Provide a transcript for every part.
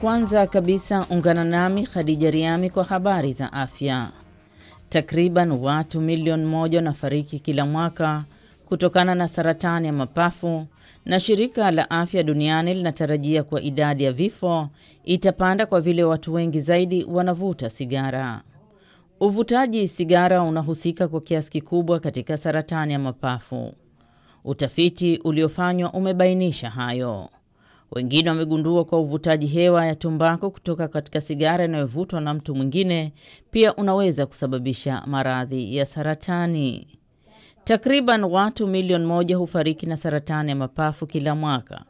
Kwanza kabisa ungana nami Khadija Riami kwa habari za afya. Takriban watu milioni moja wanafariki kila mwaka kutokana na saratani ya mapafu na shirika la afya duniani linatarajia kuwa idadi ya vifo itapanda kwa vile watu wengi zaidi wanavuta sigara. Uvutaji sigara unahusika kwa kiasi kikubwa katika saratani ya mapafu. Utafiti uliofanywa umebainisha hayo. Wengine wamegundua kwa uvutaji hewa ya tumbako kutoka katika sigara inayovutwa na mtu mwingine pia unaweza kusababisha maradhi ya saratani. Takriban watu milioni moja hufariki na saratani ya mapafu kila mwaka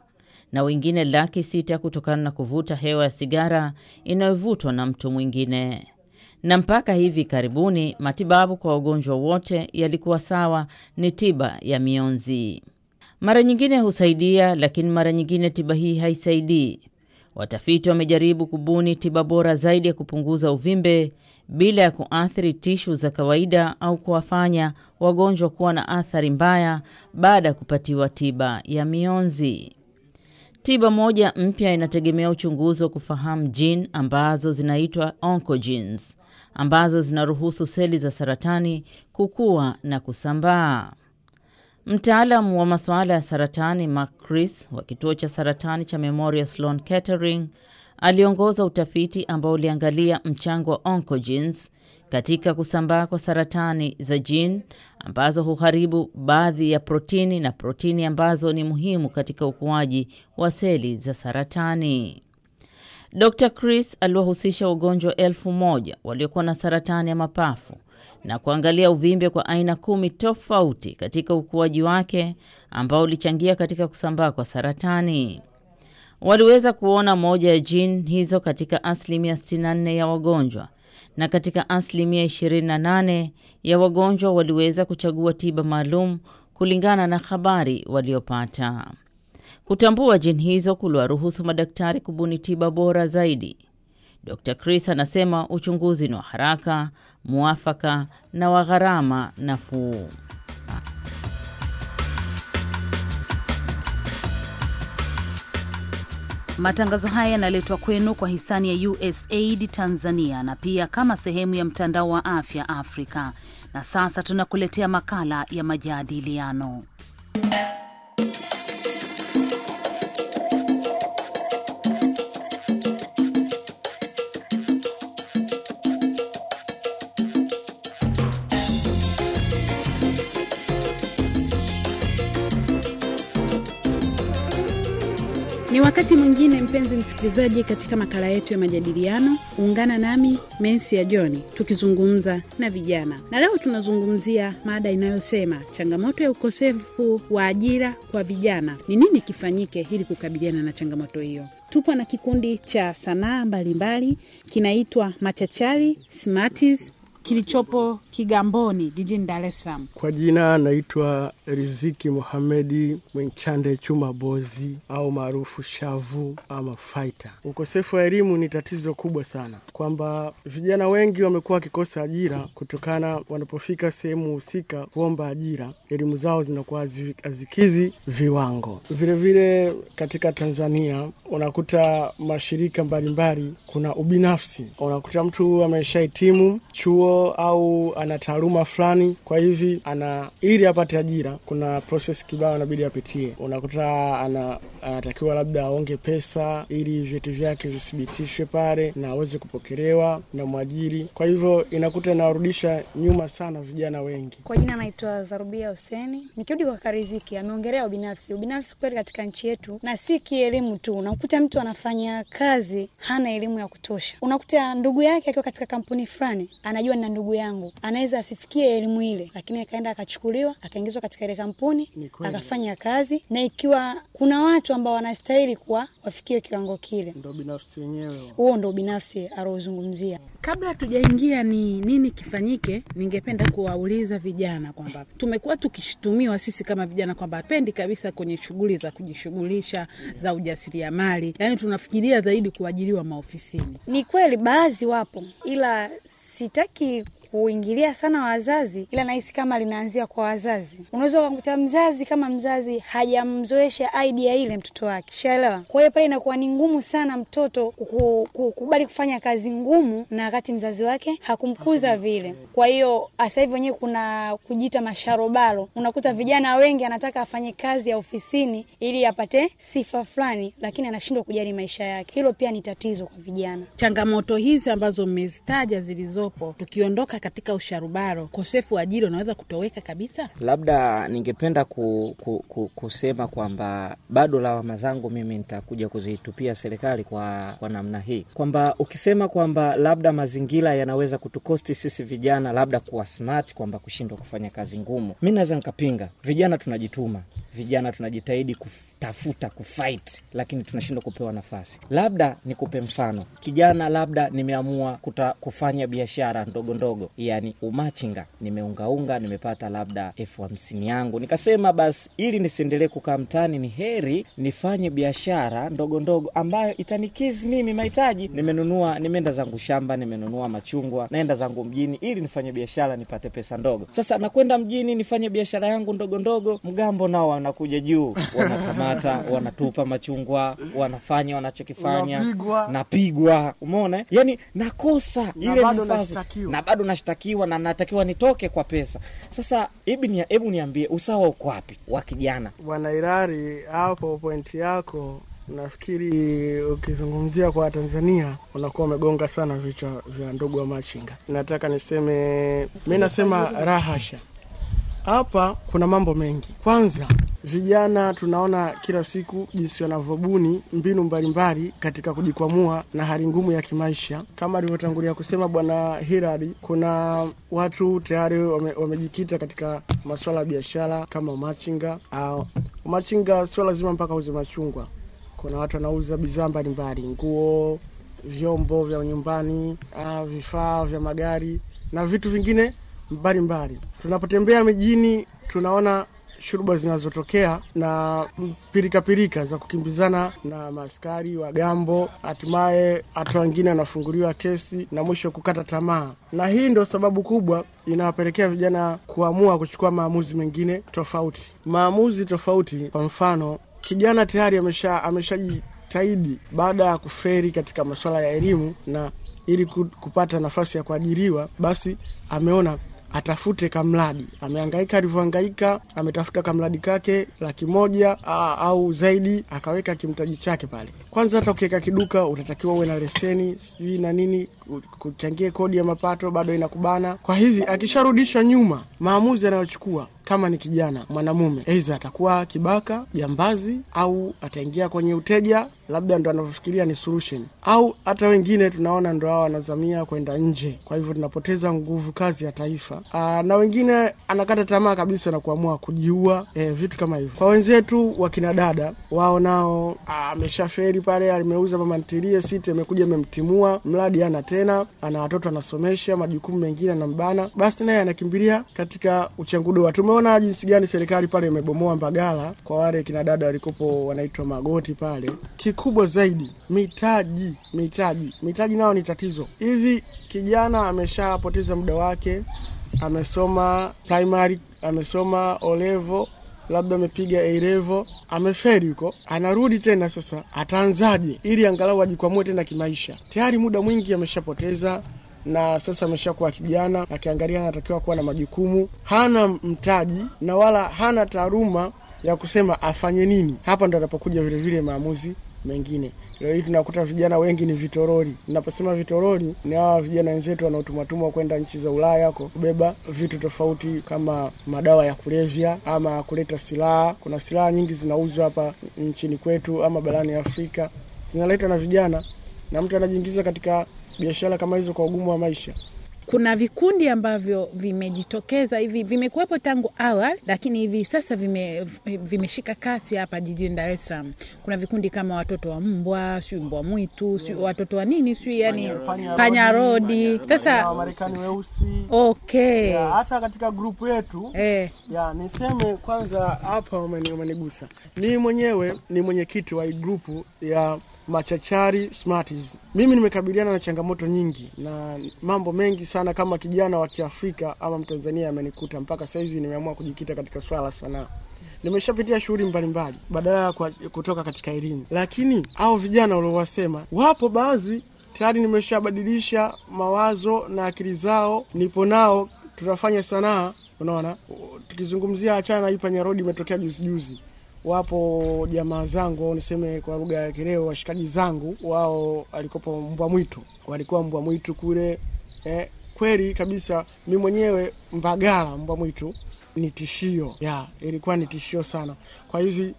na wengine laki sita kutokana na kuvuta hewa ya sigara inayovutwa na mtu mwingine. Na mpaka hivi karibuni matibabu kwa wagonjwa wote yalikuwa sawa, ni tiba ya mionzi. Mara nyingine husaidia, lakini mara nyingine tiba hii haisaidii. Watafiti wamejaribu kubuni tiba bora zaidi ya kupunguza uvimbe bila ya kuathiri tishu za kawaida au kuwafanya wagonjwa kuwa na athari mbaya baada ya kupatiwa tiba ya mionzi. Tiba moja mpya inategemea uchunguzi wa kufahamu jini ambazo zinaitwa oncogenes ambazo zinaruhusu seli za saratani kukua na kusambaa mtaalam wa masuala ya saratani Mark Chris wa kituo cha saratani cha Memorial Sloan Kettering aliongoza utafiti ambao uliangalia mchango wa oncogenes katika kusambaa kwa saratani za jini ambazo huharibu baadhi ya protini na protini ambazo ni muhimu katika ukuaji wa seli za saratani. Dr. Chris aliwahusisha wagonjwa elfu moja waliokuwa na saratani ya mapafu na kuangalia uvimbe kwa aina kumi tofauti katika ukuaji wake ambao ulichangia katika kusambaa kwa saratani. Waliweza kuona moja ya jini hizo katika asilimia 64 ya wagonjwa na katika asilimia 28 ya wagonjwa waliweza kuchagua tiba maalum kulingana na habari waliopata. Kutambua jini hizo kuliwaruhusu madaktari kubuni tiba bora zaidi Dr. Chris anasema uchunguzi ni wa haraka, muafaka na wa gharama nafuu. Matangazo haya yanaletwa kwenu kwa hisani ya USAID Tanzania na pia kama sehemu ya mtandao wa afya Afrika. Na sasa tunakuletea makala ya majadiliano. Wakati mwingine, mpenzi msikilizaji, katika makala yetu ya majadiliano, ungana nami Mensi ya Joni tukizungumza na vijana, na leo tunazungumzia mada inayosema changamoto ya ukosefu wa ajira kwa vijana, ni nini kifanyike ili kukabiliana na changamoto hiyo. Tupo na kikundi cha sanaa mbalimbali kinaitwa Machachari Smarties kilichopo Kigamboni jijini Dar es Salaam. Kwa jina anaitwa Riziki muhamedi Mwenchande Chuma Bozi au maarufu Shavu ama Faita. Ukosefu wa elimu ni tatizo kubwa sana, kwamba vijana wengi wamekuwa wakikosa ajira kutokana, wanapofika sehemu husika kuomba ajira, elimu zao zinakuwa hazikizi viwango. Vilevile vile katika Tanzania unakuta mashirika mbalimbali mbali, kuna ubinafsi, unakuta mtu ameshahitimu chuo au ana taaluma fulani, kwa hivi ana ili apate ajira, kuna proses kibao anabidi apitie. Unakuta ana anatakiwa labda aonge pesa ili vyeti vyake visibitishwe pale na aweze kupokelewa na mwajiri. Kwa hivyo inakuta inawarudisha nyuma sana vijana wengi. Kwa jina anaitwa Zarubia Huseni. Nikirudi kwa Kariziki, ameongelea ubinafsi. Ubinafsi kweli katika nchi yetu, na si kielimu tu, unakuta mtu anafanya kazi hana elimu ya kutosha, unakuta ndugu yake akiwa katika kampuni fulani anajua na ndugu yangu anaweza asifikie elimu ile, lakini akaenda akachukuliwa akaingizwa katika ile kampuni akafanya kazi, na ikiwa kuna watu ambao wanastahili kuwa wafikie kiwango kile, ndo binafsi wenyewe huo ndo binafsi aliozungumzia. Kabla hatujaingia ni nini kifanyike, ningependa kuwauliza vijana kwamba tumekuwa tukishutumiwa sisi kama vijana kwamba hapendi kabisa kwenye shughuli za kujishughulisha za ujasiriamali, yaani tunafikiria zaidi kuajiriwa maofisini. Ni kweli baadhi wapo, ila sitaki kuingilia sana wazazi, ila nahisi kama linaanzia kwa wazazi. Unaweza ukakuta mzazi kama mzazi hajamzoesha idea ile mtoto wake, shaelewa. Kwa hiyo pale inakuwa ni ngumu sana mtoto kukubali kufanya kazi ngumu, na wakati mzazi wake hakumkuza vile. Kwa hiyo hasa hivi wenyewe kuna kujiita masharobaro, unakuta vijana wengi anataka afanye kazi ya ofisini ili apate sifa fulani, lakini anashindwa kujali maisha yake. Hilo pia ni tatizo kwa vijana. Changamoto hizi ambazo mmezitaja zilizopo, tukiondoka katika usharubaro, ukosefu wa ajira unaweza kutoweka kabisa? Labda ningependa ku, ku, ku, kusema kwamba bado lawama zangu mimi nitakuja kuziitupia serikali kwa, kwa namna hii kwamba ukisema kwamba labda mazingira yanaweza kutukosti sisi vijana labda kuwa smart kwamba kushindwa kufanya kazi ngumu, mi naweza nikapinga. Vijana tunajituma, vijana tunajitahidi kufu kutafuta kufight, lakini tunashindwa kupewa nafasi. Labda nikupe mfano kijana, labda nimeamua kuta, kufanya biashara ndogo ndogo, yani umachinga, nimeungaunga, nimepata labda elfu hamsini yangu, nikasema basi, ili nisiendelee kukaa mtani ni heri nifanye biashara ndogo ndogo ambayo itanikizi mimi mahitaji. Nimenunua, nimeenda zangu shamba, nimenunua machungwa, naenda zangu mjini ili nifanye biashara nipate pesa ndogo. Sasa nakwenda mjini nifanye biashara yangu ndogo ndogo, mgambo nao wanakuja juu wanakamata wanatukamata wanatupa machungwa wanafanya wanachokifanya napigwa umeona yani nakosa ile nafasi na bado nashtakiwa na natakiwa nitoke kwa pesa sasa hebu niambie usawa uko wapi wa kijana bwana irari hapo pointi yako nafikiri ukizungumzia kwa Tanzania unakuwa umegonga sana vichwa vya ndugu wa machinga. Nataka niseme mi nasema rahasha hapa kuna mambo mengi. Kwanza, vijana tunaona kila siku jinsi wanavyobuni mbinu mbalimbali katika kujikwamua na hali ngumu ya kimaisha. Kama alivyotangulia kusema Bwana Hilari, kuna watu tayari wame, wamejikita katika masuala ya biashara kama machinga au machinga, sio lazima mpaka uze machungwa. Kuna watu wanauza bidhaa mbalimbali, nguo, vyombo vya nyumbani, ah, vifaa vya magari na vitu vingine mbalimbali. Tunapotembea mijini, tunaona shuruba zinazotokea na pirikapirika pirika za kukimbizana na maaskari wa gambo, hatimaye hata wengine anafunguliwa kesi na mwisho kukata tamaa, na hii ndo sababu kubwa inawapelekea vijana kuamua kuchukua maamuzi mengine tofauti, maamuzi tofauti. Kwa mfano, kijana tayari amesha ameshajitahidi baada ya kuferi katika masuala ya elimu, na ili kupata nafasi ya kuajiriwa, basi ameona atafute kamradi. ameangaika alivyoangaika ametafuta kamradi kake laki moja au zaidi, akaweka kimtaji chake pale. Kwanza hata ukiweka kiduka unatakiwa uwe na leseni sijui na nini, kuchangie kodi ya mapato bado inakubana. Kwa hivi akisharudisha nyuma maamuzi anayochukua kama ni kijana mwanamume, aidha atakuwa kibaka, jambazi, au ataingia kwenye uteja, labda ndo anavyofikiria ni solution, au hata wengine tunaona ndo hao wanazamia kwenda nje. Kwa hivyo tunapoteza nguvu kazi ya taifa. Aa, ah, na wengine anakata tamaa kabisa na kuamua kujiua, e, vitu kama hivyo. Kwa wenzetu wakina dada, wao nao ah, ameshaferi pale, ameuza mama ntilie siti, amekuja amemtimua, mradi ana tena ana watoto, anasomesha, majukumu mengine anambana, basi naye anakimbilia katika uchangudo tumeona Umeona jinsi gani serikali pale imebomoa Mbagala kwa wale kina dada walikopo wanaitwa magoti pale. Kikubwa zaidi mitaji, mitaji, mitaji nao ni tatizo. Hivi kijana ameshapoteza muda wake, amesoma primary, amesoma olevo labda amepiga A ameferi huko, anarudi tena sasa, ataanzaje ili angalau ajikwamue tena kimaisha? Tayari muda mwingi ameshapoteza na sasa ameshakuwa kijana, akiangalia anatakiwa kuwa na majukumu, hana mtaji na wala hana taaluma ya kusema afanye nini. Hapa ndo anapokuja vilevile maamuzi mengine. Leo hii tunakuta vijana wengi ni vitoroli. Naposema vitoroli, ni hawa vijana wenzetu wanaotumwatumwa kwenda nchi za Ulaya kwa kubeba vitu tofauti kama madawa ya kulevya ama kuleta silaha. Kuna silaha nyingi zinauzwa hapa nchini kwetu ama barani Afrika, zinaletwa na vijana na mtu anajiingiza katika biashara kama hizo kwa ugumu wa maisha. Kuna vikundi ambavyo vimejitokeza hivi, vimekuwepo tangu awali, lakini hivi sasa vime, vimeshika kasi hapa jijini Dar es Salaam. Kuna vikundi kama watoto wa mbwa, si mbwa mwitu, si watoto wa nini, sijui yani panyarodi. Sasa Marekani weusi, okay, hata katika grupu yetu eh, ya niseme kwanza hapa, umenigusa mimi mwenyewe ni mwenyekiti wa grupu ya machachari smarties. Mimi nimekabiliana na changamoto nyingi na mambo mengi sana kama kijana wa Kiafrika ama Mtanzania amenikuta mpaka sahizi nimeamua kujikita katika swala la sanaa. Nimeshapitia shughuli mbalimbali badala ya kutoka katika elimu, lakini au vijana waliowasema wapo baadhi tayari nimeshabadilisha mawazo na akili zao, nipo nao, tunafanya sanaa. Unaona, tukizungumzia achana na hii imetokea juzijuzi juzi wapo jamaa zangu au niseme kwa lugha ya kileo washikaji zangu, wao alikopo mbwa mwitu, walikuwa mbwa mwitu kule eh, kweli kabisa. Mi mwenyewe Mbagala, mbwa mwitu ni tishio ya, ilikuwa ni tishio sana. Kwa hivi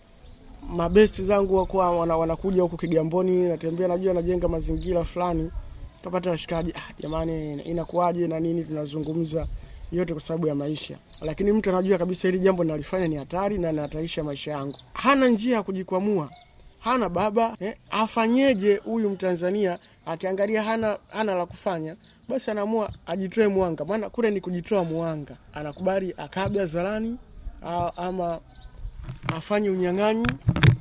mabesti zangu wakuwa wana, wanakuja huku Kigamboni, natembea najua najenga mazingira fulani, tapata washikaji ah, jamani, inakuwaje na nini, tunazungumza yote kwa sababu ya maisha, lakini mtu anajua kabisa hili jambo nalifanya ni hatari na nahatarisha maisha yangu, hana njia ya kujikwamua, hana baba eh, afanyeje huyu Mtanzania akiangalia hana hana la kufanya, basi anaamua ajitoe mwanga, maana kule ni kujitoa mwanga. Anakubali akabe hadharani ama afanye unyang'anyi,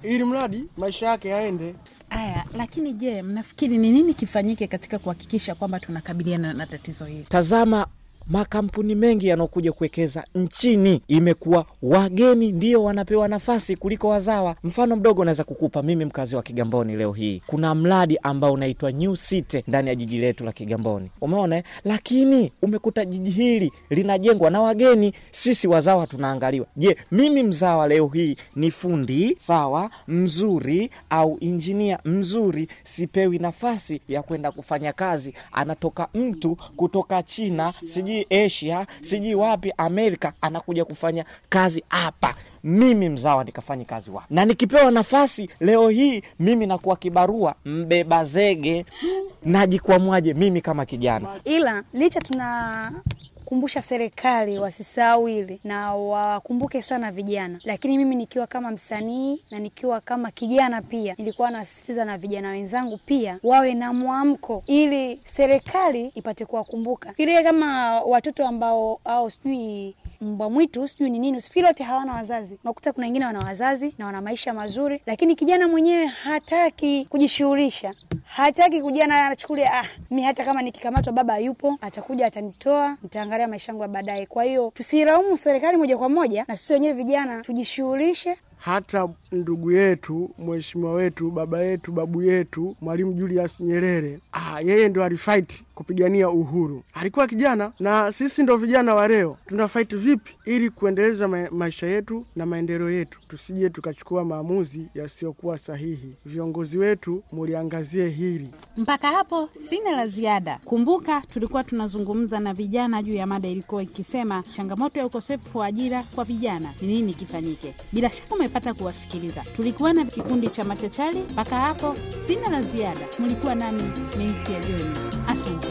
ili mradi maisha yake yaende. Aya, lakini je, mnafikiri ni nini kifanyike katika kuhakikisha kwamba tunakabiliana na tatizo hili? Tazama makampuni mengi yanaokuja kuwekeza nchini, imekuwa wageni ndio wanapewa nafasi kuliko wazawa. Mfano mdogo unaweza kukupa mimi, mkazi wa Kigamboni, leo hii kuna mradi ambao unaitwa New City ndani ya jiji letu la Kigamboni, umeona, eh? lakini umekuta jiji hili linajengwa na wageni, sisi wazawa tunaangaliwa. Je, mimi mzawa leo hii ni fundi sawa mzuri au injinia mzuri, sipewi nafasi ya kwenda kufanya kazi. Anatoka mtu kutoka China siji sijui Asia sijui wapi Amerika, anakuja kufanya kazi hapa. Mimi mzawa nikafanya kazi wapi? Na nikipewa nafasi leo hii mimi nakuwa kibarua mbeba zege, najikwamwaje mimi kama kijana? Ila licha tuna kuikumbusha serikali wasisahau hili na wakumbuke sana vijana. Lakini mimi nikiwa kama msanii na nikiwa kama kijana pia, nilikuwa nasisitiza na vijana wenzangu pia wawe na mwamko, ili serikali ipate kuwakumbuka. Fikiria kama watoto ambao au sijui mbwa mwitu sijui ni nini, usifikiri wote hawana wazazi. Unakuta kuna wengine wana wazazi na wana maisha mazuri, lakini kijana mwenyewe hataki kujishughulisha, hataki kujana, anachukulia ah, mi hata kama nikikamatwa baba yupo atakuja atanitoa, nitaangalia maisha yangu ya baadaye. Kwa hiyo tusiraumu serikali moja kwa moja, na sisi wenyewe vijana tujishughulishe hata ndugu yetu mheshimiwa wetu baba yetu babu yetu Mwalimu Julius Nyerere, ah, yeye ndo alifaiti kupigania uhuru. Alikuwa kijana na sisi ndo vijana wa leo, tuna fight vipi ili kuendeleza ma maisha yetu na maendeleo yetu, tusije tukachukua maamuzi yasiyokuwa sahihi. Viongozi wetu muliangazie hili. Mpaka hapo sina la ziada. Kumbuka tulikuwa tunazungumza na vijana juu ya mada ilikuwa ikisema changamoto ya ukosefu wa ajira kwa vijana ni nini kifanyike. Bila shaka umepata kuwasikiliza, tulikuwa na kikundi cha machachari. Mpaka hapo sina la ziada, mulikuwa nami Mensi Joni, asante.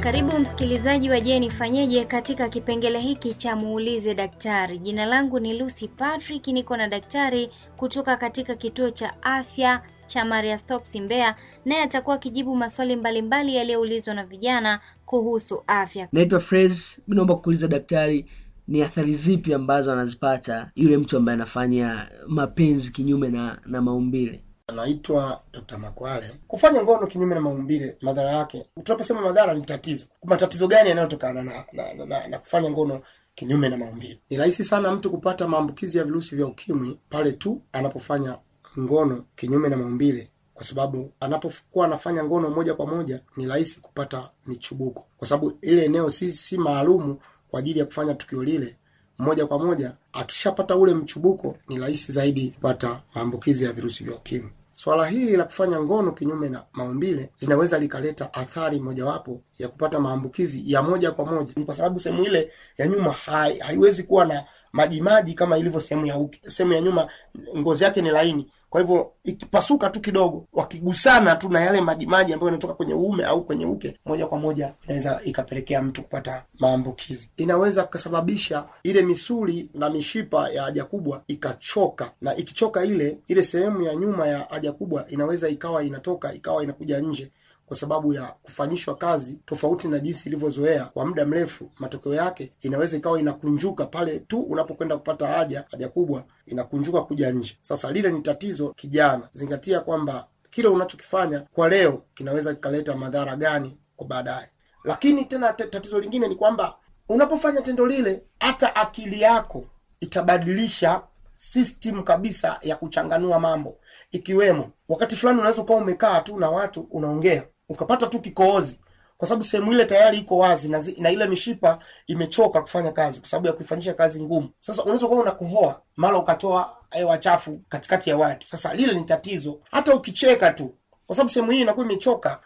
Karibu msikilizaji wa Je nifanyeje katika kipengele hiki cha muulize daktari. Jina langu ni Lucy Patrick, niko na daktari kutoka katika kituo cha afya cha Maria Stopes Mbeya, naye atakuwa akijibu maswali mbalimbali yaliyoulizwa na vijana kuhusu afya. Naitwa Fres, mi naomba kuuliza daktari ni athari zipi ambazo anazipata yule mtu ambaye anafanya mapenzi kinyume na na maumbile? anaitwa Dr. Makwale. Kufanya ngono kinyume na maumbile, madhara yake, tunaposema madhara ni tatizo. Matatizo gani yanayotokana na, na, na, na, na kufanya ngono kinyume na maumbile? Ni rahisi sana mtu kupata maambukizi ya virusi vya ukimwi pale tu anapofanya ngono kinyume na maumbile kwa sababu anapokuwa anafanya ngono moja kwa moja ni rahisi kupata michubuko, kwa sababu ile eneo si si maalumu kwa ajili ya kufanya tukio lile moja kwa moja. Akishapata ule mchubuko, ni rahisi zaidi kupata maambukizi ya virusi vya ukimwi. Swala hili la kufanya ngono kinyume na maumbile linaweza likaleta athari mojawapo ya kupata maambukizi ya moja kwa moja, kwa sababu sehemu ile ya nyuma hai, haiwezi kuwa na majimaji kama ilivyo sehemu ya uke. Sehemu ya nyuma ngozi yake ni laini, kwa hivyo ikipasuka tu kidogo, wakigusana tu na yale majimaji ambayo yanatoka kwenye uume au kwenye uke, moja kwa moja inaweza ikapelekea mtu kupata maambukizi. Inaweza kusababisha ile misuli na mishipa ya haja kubwa ikachoka, na ikichoka ile ile sehemu ya nyuma ya haja kubwa inaweza ikawa inatoka ikawa inakuja nje kwa sababu ya kufanyishwa kazi tofauti na jinsi ilivyozoea kwa muda mrefu, matokeo yake inaweza ikawa inakunjuka pale tu unapokwenda kupata haja, haja kubwa inakunjuka kuja nje. Sasa lile ni tatizo, kijana, zingatia kwamba kile unachokifanya kwa leo kinaweza kikaleta madhara gani kwa baadaye. Lakini tena tatizo lingine ni kwamba unapofanya tendo lile, hata akili yako itabadilisha system kabisa ya kuchanganua mambo, ikiwemo wakati fulani unaweza ukawa umekaa tu na watu unaongea ukapata tu kikohozi, kwa sababu sehemu ile tayari iko wazi na, zi, na ile mishipa imechoka kufanya kazi kwa sababu ya kuifanyisha kazi ngumu. Sasa unaweza kuwa unakohoa mara ukatoa hewa chafu katikati ya watu. Sasa lile ni tatizo, hata ukicheka tu, kwa sababu sehemu hii inakuwa imechoka,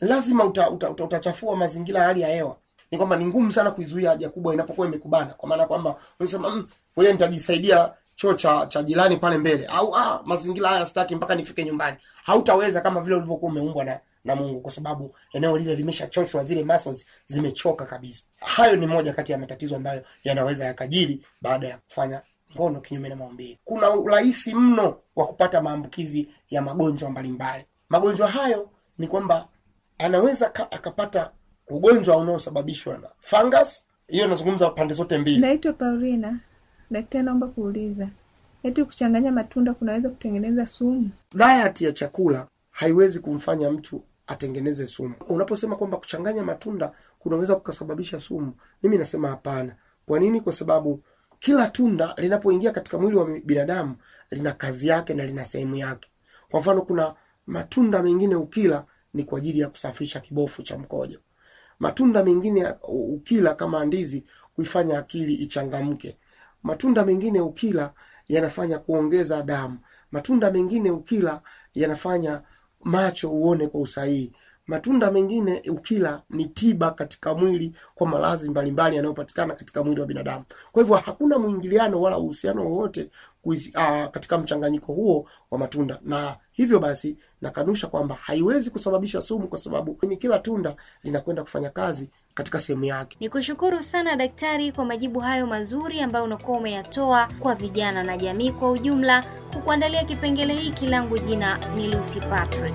lazima uta, uta, uta, utachafua mazingira hali ya hewa. Ni kwamba ni ngumu sana kuizuia haja kubwa inapokuwa imekubana, kwa maana kwamba unasema mm, wewe nitajisaidia choo cha, cha jirani pale mbele, au ah, mazingira haya sitaki mpaka nifike nyumbani. Hautaweza kama vile ulivyokuwa umeumbwa na na Mungu kwa sababu eneo lile limeshachoshwa, zile muscles zimechoka kabisa. Hayo ni moja kati ya matatizo ambayo yanaweza yakajiri baada ya kufanya ngono kinyume na maumbile. Kuna urahisi mno wa kupata maambukizi ya magonjwa mbalimbali. Magonjwa hayo ni kwamba anaweza akapata ugonjwa unaosababishwa na fungus. Hiyo nazungumza pande zote mbili. Naitwa Paulina. Daktari, naomba kuuliza, eti kuchanganya matunda kunaweza kutengeneza sumu? Diet ya chakula haiwezi kumfanya mtu atengeneze sumu. Unaposema kwamba kuchanganya matunda kunaweza kukasababisha sumu, mimi nasema hapana. Kwa nini? Kwa sababu kila tunda linapoingia katika mwili wa binadamu lina kazi yake na lina sehemu yake. Kwa mfano, kuna matunda mengine ukila ni kwa ajili ya kusafisha kibofu cha mkojo, matunda mengine ukila kama ndizi kuifanya akili ichangamke, matunda mengine ukila yanafanya kuongeza damu, matunda mengine ukila yanafanya macho uone kwa usahihi Matunda mengine ukila ni tiba katika mwili kwa maradhi mbalimbali yanayopatikana katika mwili wa binadamu. Kwa hivyo hakuna mwingiliano wala uhusiano wowote ah, katika mchanganyiko huo wa matunda, na hivyo basi nakanusha kwamba haiwezi kusababisha sumu, kwa sababu kwenye kila tunda linakwenda kufanya kazi katika sehemu yake. Ni kushukuru sana daktari kwa majibu hayo mazuri ambayo unakuwa umeyatoa kwa vijana na jamii kwa ujumla. Kukuandalia kipengele hiki langu jina ni Lucy Patrick.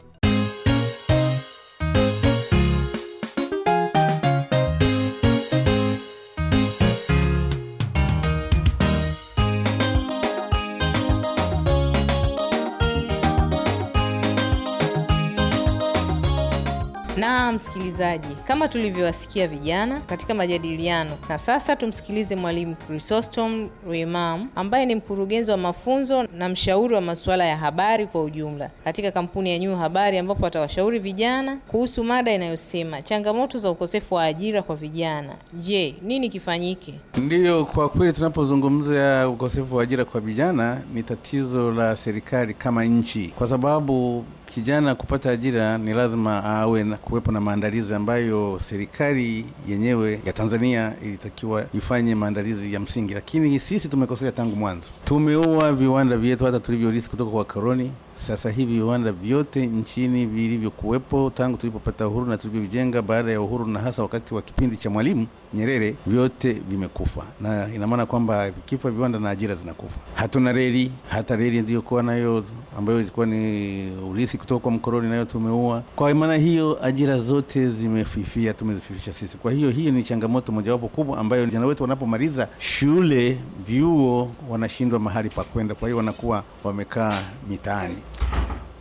msikilizaji, kama tulivyowasikia vijana katika majadiliano, na sasa tumsikilize Mwalimu crisostom Rweyemamu ambaye ni mkurugenzi wa mafunzo na mshauri wa masuala ya habari kwa ujumla katika kampuni ya nyuu Habari, ambapo atawashauri vijana kuhusu mada inayosema changamoto za ukosefu wa ajira kwa vijana. Je, nini kifanyike? Ndiyo, kwa kweli tunapozungumza ukosefu wa ajira kwa vijana ni tatizo la serikali kama nchi, kwa sababu kijana kupata ajira ni lazima awe na kuwepo na maandalizi ambayo serikali yenyewe ya Tanzania ilitakiwa ifanye maandalizi ya msingi, lakini sisi tumekosea tangu mwanzo. Tumeua viwanda vyetu hata tulivyorithi kutoka kwa koloni. Sasa hivi viwanda vyote nchini vilivyokuwepo tangu tulipopata uhuru na tulivyovijenga baada ya uhuru na hasa wakati wa kipindi cha Mwalimu Nyerere vyote vimekufa, na ina maana kwamba vikifa viwanda na ajira zinakufa. Hatuna reli, hata reli iliyokuwa nayo ambayo ilikuwa ni urithi kutoka kwa mkoloni, nayo tumeua. Kwa maana hiyo ajira zote zimefifia, tumezififisha sisi. Kwa hiyo hiyo ni changamoto mojawapo kubwa ambayo vijana wetu wanapomaliza shule, vyuo, wanashindwa mahali pa kwenda, kwa hiyo wanakuwa wamekaa mitaani.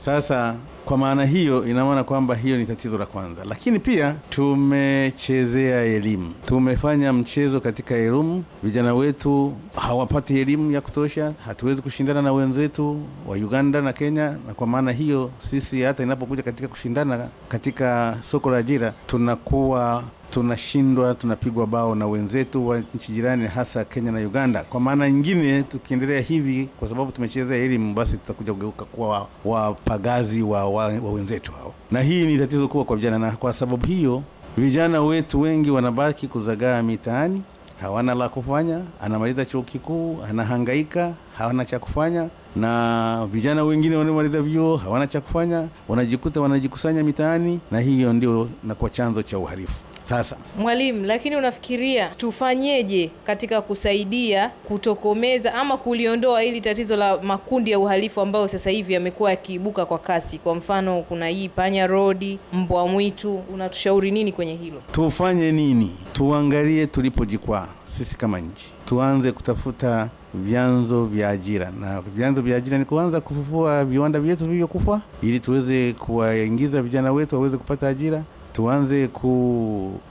Sasa kwa maana hiyo ina maana kwamba hiyo ni tatizo la kwanza, lakini pia tumechezea elimu, tumefanya mchezo katika elimu. Vijana wetu hawapati elimu ya kutosha, hatuwezi kushindana na wenzetu wa Uganda na Kenya, na kwa maana hiyo sisi hata inapokuja katika kushindana katika soko la ajira tunakuwa tunashindwa, tunapigwa bao na wenzetu wa nchi jirani, hasa Kenya na Uganda. Kwa maana nyingine, tukiendelea hivi, kwa sababu tumechezea elimu, basi tutakuja kugeuka kuwa wapagazi wa, wa, wa wenzetu hao, na hii ni tatizo kubwa kwa vijana, na kwa sababu hiyo vijana wetu wengi wanabaki kuzagaa mitaani, hawana la kufanya. Anamaliza chuo kikuu, anahangaika, hawana cha kufanya na vijana wengine wanaomaliza vyuo hawana cha kufanya, wanajikuta wanajikusanya mitaani, na hiyo ndio kwa chanzo cha uhalifu sasa. Mwalimu, lakini unafikiria tufanyeje katika kusaidia kutokomeza ama kuliondoa hili tatizo la makundi ya uhalifu ambayo sasa hivi yamekuwa yakiibuka kwa kasi? Kwa mfano, kuna hii panya rodi, mbwa mwitu, unatushauri nini kwenye hilo? Tufanye nini? Tuangalie tulipojikwaa sisi kama nchi, tuanze kutafuta vyanzo vya ajira, na vyanzo vya ajira ni kuanza kufufua viwanda vyetu vilivyokufa, ili tuweze kuwaingiza vijana wetu waweze kupata ajira tuanze ku,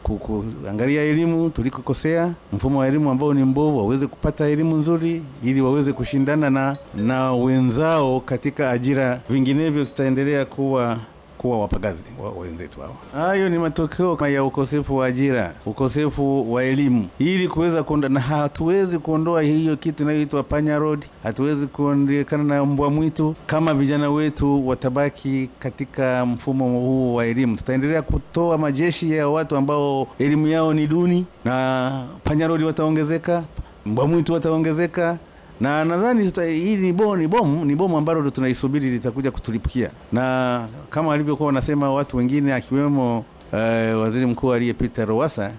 ku, kuangalia elimu tulikokosea, mfumo wa elimu ambao ni mbovu, waweze kupata elimu nzuri ili waweze kushindana na, na wenzao katika ajira, vinginevyo tutaendelea kuwa kuwa wapagazi wenzetu hawa. Hayo ni matokeo ya ukosefu wa ajira, ukosefu wa elimu, ili kuweza kuonda, na hatuwezi kuondoa hiyo kitu inayoitwa panya road, hatuwezi kuondekana na mbwa mwitu. Kama vijana wetu watabaki katika mfumo huu wa elimu, tutaendelea kutoa majeshi ya watu ambao elimu yao ni duni, na panya road wataongezeka, mbwa mwitu wataongezeka na nadhani hii ni bomu, ni bomu, ni bomu ambalo tunaisubiri litakuja kutulipukia, na kama walivyokuwa wanasema watu wengine akiwemo uh, waziri mkuu aliyepita rowasa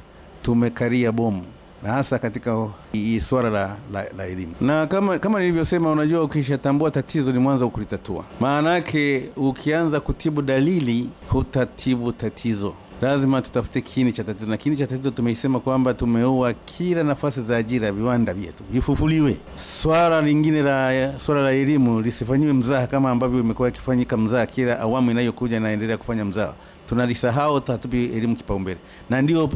tumekaria bomu na hasa katika hii swala la, la, la elimu na kama, kama nilivyosema, unajua ukishatambua tatizo ni mwanzo wa kulitatua. Maana yake ukianza kutibu dalili hutatibu tatizo lazima tutafute kini cha tatizo, na kini cha tatizo tumeisema kwamba tumeua kila nafasi za ajira, viwanda vyetu vifufuliwe. Swala lingine la swala la elimu lisifanyiwe mzaha kama ambavyo imekuwa ikifanyika mzaha, kila awamu inayokuja inaendelea kufanya mzaha tunalisahau, tatupi elimu kipaumbele, na ndio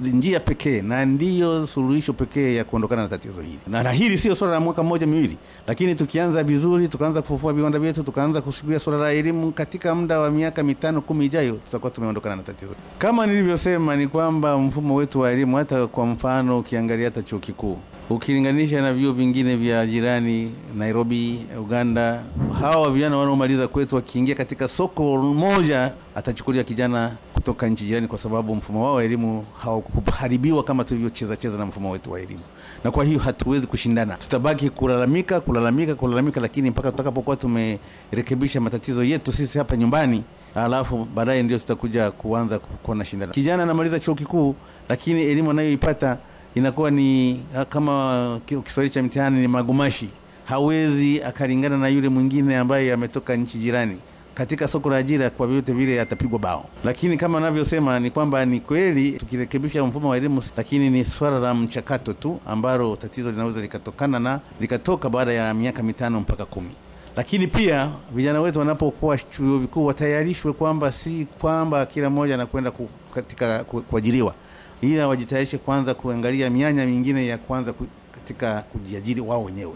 njia pekee na ndiyo suluhisho pekee ya kuondokana na tatizo hili. Na, na hili sio swala la mwaka mmoja miwili, lakini tukianza vizuri, tukaanza kufufua viwanda vyetu, tukaanza kushughulikia swala la elimu, katika muda wa miaka mitano kumi ijayo tutakuwa tumeondokana na tatizo. Kama nilivyosema, ni kwamba mfumo wetu wa elimu, hata kwa mfano ukiangalia hata chuo kikuu ukilinganisha na vyuo vingine vya jirani Nairobi, Uganda. Hawa vijana wanaomaliza kwetu wakiingia katika soko moja, atachukulia kijana kutoka nchi jirani, kwa sababu mfumo wao wa elimu haukuharibiwa kama tulivyocheza cheza na mfumo wetu wa elimu, na kwa hiyo hatuwezi kushindana, tutabaki kulalamika, kulalamika, kulalamika, lakini mpaka tutakapokuwa tumerekebisha matatizo yetu sisi hapa nyumbani alafu baadaye ndio tutakuja kuanza kuona shindana. Kijana anamaliza chuo kikuu, lakini elimu anayoipata inakuwa ni kama Kiswahili cha mtihani ni magumashi, hawezi akalingana na yule mwingine ambaye ametoka nchi jirani katika soko la ajira kwa vyote vile atapigwa bao. Lakini kama anavyosema ni kwamba ni kweli tukirekebisha mfumo wa elimu, lakini ni swala la mchakato tu ambalo tatizo linaweza likatokana na likatoka baada ya miaka mitano mpaka kumi. Lakini pia vijana wetu wanapokuwa chuo vikuu watayarishwe kwamba si kwamba kila mmoja anakwenda katika kuajiriwa ku, ila wajitayarishe kwanza kuangalia mianya mingine ya kwanza ku, katika kujiajiri wao wenyewe,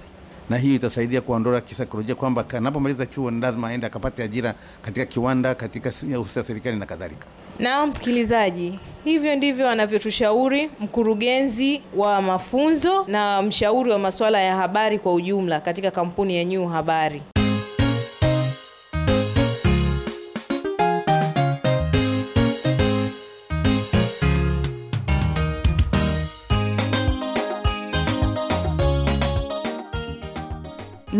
na hiyo itasaidia kuondoa kisaikolojia kwamba kanapomaliza chuo ni lazima aende akapate ajira katika kiwanda, katika ofisi ya serikali na kadhalika. Na msikilizaji, hivyo ndivyo anavyotushauri mkurugenzi wa mafunzo na mshauri wa masuala ya habari kwa ujumla katika kampuni ya New Habari.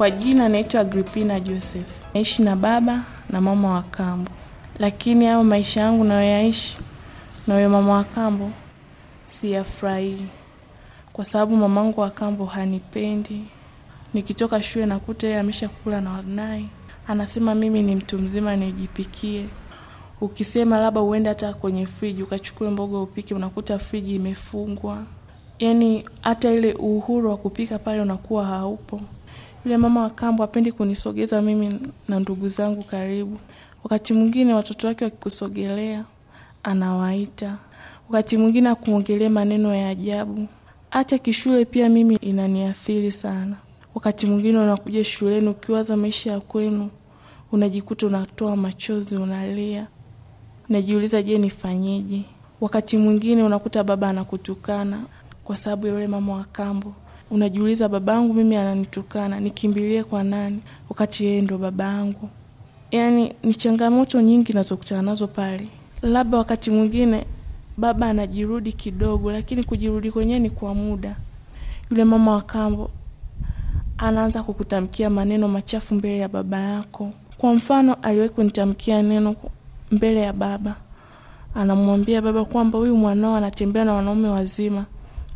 Kwa jina naitwa Agripina Joseph, naishi na baba na mama wa kambo, lakini hayo maisha yangu nayoyaishi na huyo mama wa kambo siyafurahii, kwa sababu mamangu wa kambo hanipendi. Nikitoka shule nakuta yeye ameshakula na wanai, anasema mimi ni mtu mzima nijipikie. Ukisema labda uende hata kwenye friji ukachukue mboga upike, unakuta friji imefungwa. Yani hata ile uhuru wa kupika pale unakuwa haupo. Yule mama wa kambo apendi kunisogeza mimi na ndugu zangu karibu. Wakati mwingine watoto wake wakikusogelea anawaita, wakati mwingine akuongelea maneno ya ajabu. Hata kishule pia mimi inaniathiri sana. Wakati mwingine unakuja shuleni ukiwaza maisha ya kwenu, unajikuta unatoa machozi, unalia, najiuliza je, nifanyeje? Wakati mwingine unakuta baba anakutukana kwa sababu ya yule mama wa kambo. Unajiuliza, babangu mimi ananitukana, nikimbilie kwa nani wakati yeye ndo babangu? yani ni changamoto nyingi nazokutana nazo pale. Labda wakati mwingine baba anajirudi kidogo, lakini kujirudi kwenyewe ni kwa muda. Yule mama wa kambo anaanza kukutamkia maneno machafu mbele ya baba yako. Kwa mfano, aliwai kunitamkia neno mbele ya baba, anamwambia baba kwamba huyu mwanao anatembea na wanaume wazima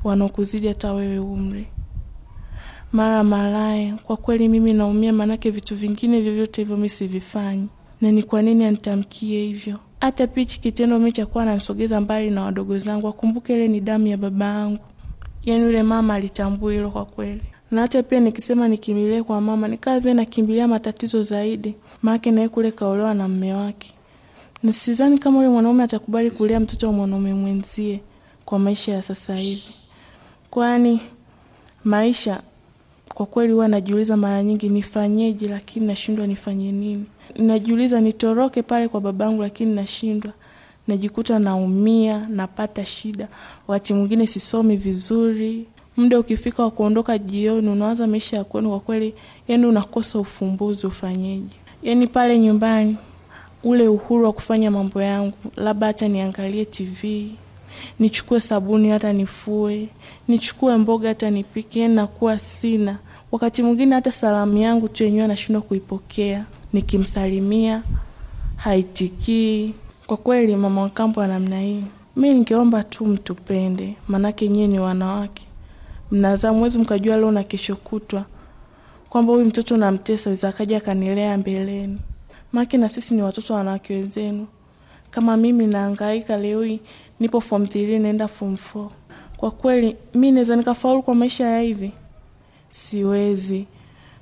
wanaokuzidi hata wewe umri mara malaya. Kwa kweli mimi naumia, maanake vitu vingine vyovyote hivyo mi sivifanyi, na ni kwa nini anitamkie hivyo? Hata pichi kitendo mi chakuwa nansogeza mbali na wadogo zangu, akumbuke ile ni damu ya baba yangu. Yani yule mama alitambua hilo kwa kweli na hata pia nikisema nikimbilie kwa mama, nikawa vile nakimbilia matatizo zaidi, maake naye kule kaolewa na mme wake, na kama ule mwanaume atakubali kulea mtoto wa mwanaume mwenzie kwa maisha ya sasa hivi, kwani maisha kwa kweli huwa najiuliza mara nyingi nifanyeje, lakini nashindwa nifanye nini. Najiuliza nitoroke pale kwa babangu, lakini nashindwa. Najikuta naumia, napata shida, wakati mwingine sisomi vizuri. Muda ukifika wa kuondoka jioni, unawaza maisha ya kwenu, kwa kweli yani unakosa ufumbuzi, ufanyeje? Yani pale nyumbani ule uhuru wa kufanya mambo yangu, labda hata niangalie TV nichukue sabuni hata nifue, nichukue mboga hata nipike, nakuwa sina. Wakati mwingine hata salamu yangu tu yenyewe anashindwa kuipokea, nikimsalimia haitikii. Kwa kweli, mama wakambo wa namna hii, mi ningeomba tu mtupende, maanake nyie ni wanawake, mnazaa, mwezi mkajua leo na kesho kutwa kwamba huyu mtoto namtesa weza akaja akanilea mbeleni, maake na sisi ni watoto wanawake wenzenu. Kama mimi naangaika leo hii nipo form 3 naenda form 4. Kwa kweli mi naweza nikafaulu kwa maisha ya hivi? Siwezi.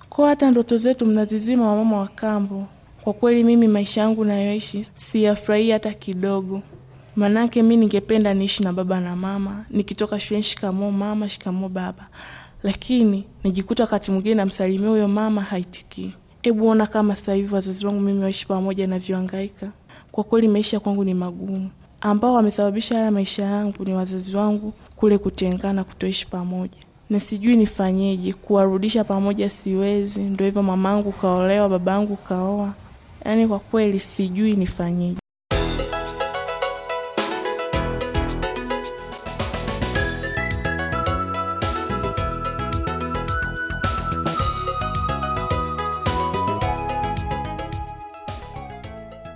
Kwa hata ndoto zetu mnazizima wamama wa kambo. Kwa kweli mimi maisha yangu nayoishi siyafurahii hata kidogo. Manake mi ningependa niishi na baba na mama, nikitoka shuleni, shikamoo mama, shikamo baba, lakini nijikuta wakati mwingine namsalimia huyo mama haitikii. Hebu ona kama sasa hivi wazazi wangu mimi waishi pamoja na vyoangaika. Kwa kweli maisha kwangu ni magumu ambao wamesababisha haya maisha yangu ni wazazi wangu kule kutengana, kutoishi pamoja, na sijui nifanyeje kuwarudisha pamoja, siwezi. ndo hivyo, mamangu kaolewa, babangu kaoa, yaani kwa kweli sijui nifanyeje.